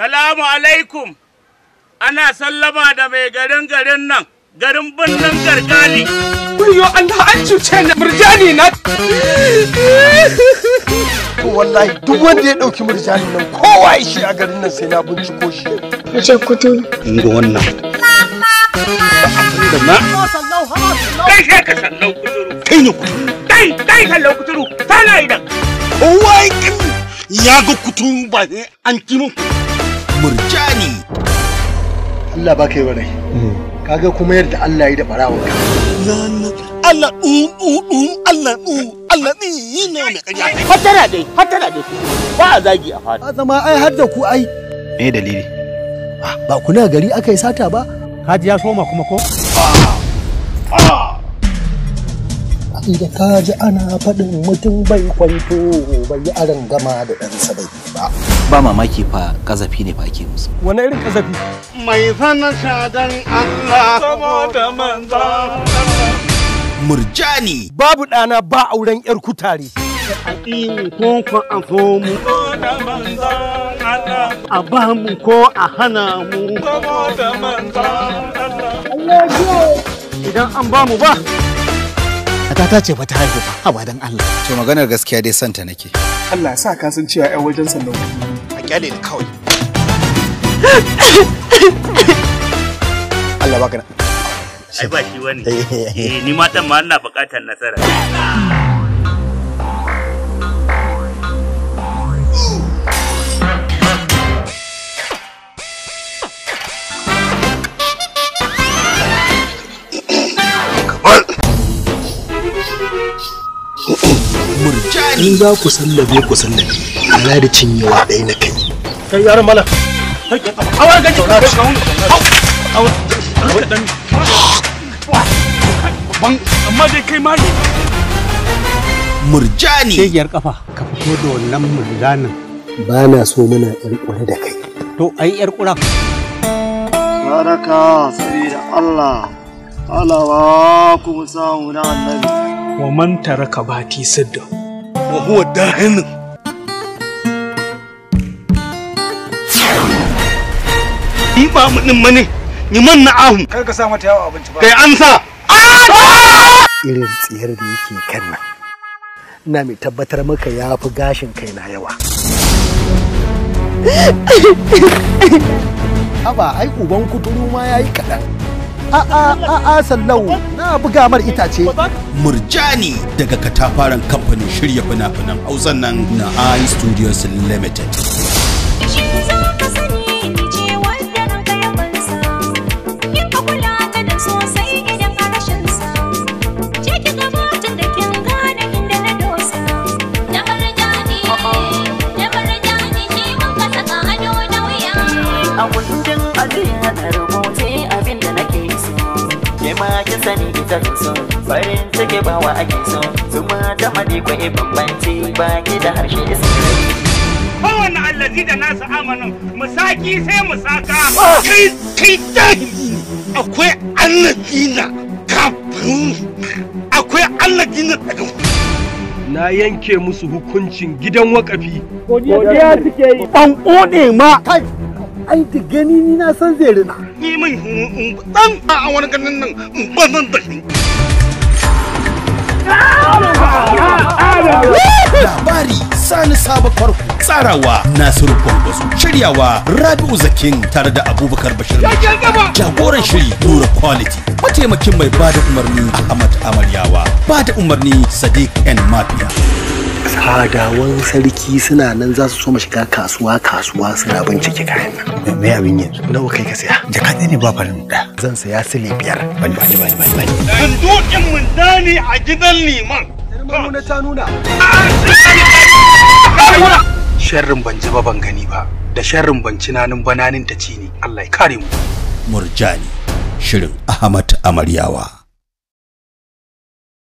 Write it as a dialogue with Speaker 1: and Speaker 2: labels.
Speaker 1: salamu alaikum ana sallama da mai garin garin nan garin birnin gargali Kuriyo Allah an cuce na murjani na wallahi duk wanda ya dauki murjani nan kowa ya shi a garin nan sai na binciko shi wace kutu wannan. ga wannan kai shi ka sallau kuturu kai ne kuturu kai kai sallau kuturu tana idan kowa ya ga kuturu ba ne an kimin kuturu murjani Allah ba kai barai hmm. kaga kuma yadda Allah ya da barawon ka Allah um um Allah um Allah ni yana mai kaja hatara dai hatara dai ba a zagi a fada zama ai har da ku ai me dalili ah, ba kuna gari aka yi sata ba kaji ya soma kuma ko da kaji ana faɗin mutum bai kwanto bai aran gama da ɗansa bai ba mamaki fa kazafi ne fa ake musu wani irin kazafi mai sanar shadan Allah saboda manza murjani babu ɗana ba auren yar kutare aƙimu ko ko a fomu a ba mu ko a hana mu idan an ba mu ba ta ce ba ta haihu ba a wadan Allah to maganar gaskiya dai santa nake Allah sa ka san cewa 'yan wajen sannan kyale ni kawai Allah baka na ai ba shi wani eh, ni ma dan ma ina bukatar nasara in za ku sallabe ku sallabe kana da cinyewa ɗaya na kai kai yaran mala awar gaji awar ban amma dai kai murjani kafa ka fito da wannan murjanin ba na so muna yar kura da kai to ai yar kura baraka sabida Allah alawa kuma samu na annabi wa man taraka bati sidda wa huwa dahinin imamu din mane ni man na ahu kar ka sa mata yawa kai an sa irin tsiyar da yake kan na ina mai tabbatar maka ya fi gashin kai na yawa haba ai uban kuturu ma yayi kaɗan a'a a'a sallau na buga mar itace murjani daga katafaren kamfanin shirya fina-finan hausan nan na i studios limited sani ita so farin take bawa ake so ma ta madi ko e bambanci ki da harshe isri kowane allazi da nasu amanin musaki sai musaka ah! kai kai dahi akwai allazi na kafin akwai allazi na na yanke musu hukuncin gidan wakafi godiya suke yi ban kone ma kai ai ta gani ni na san zai rina ni min dan a wani ganin nan ba zan sani saba farko tsarawa nasiru Shirya shiryawa rabi'u zakin tare da abubakar bashir jagoran shiri nura quality mataimakin mai bada umarni ahmad amaryawa bada umarni sadiq and mafia fadawan sarki suna nan za su so shiga kasuwa kasuwa suna bincike kayan nan me abin yanzu nawa kai ka saya jaka ne ba farin da zan saya sili biyar bani bani bani bani bani sandukin mun dani a gidan liman nuna ta nuna sharrin ban ji ba ban gani ba da sharrin ban ci nanin bananin ta ci ne Allah ya kare mu murjani shirin Ahmad Amaryawa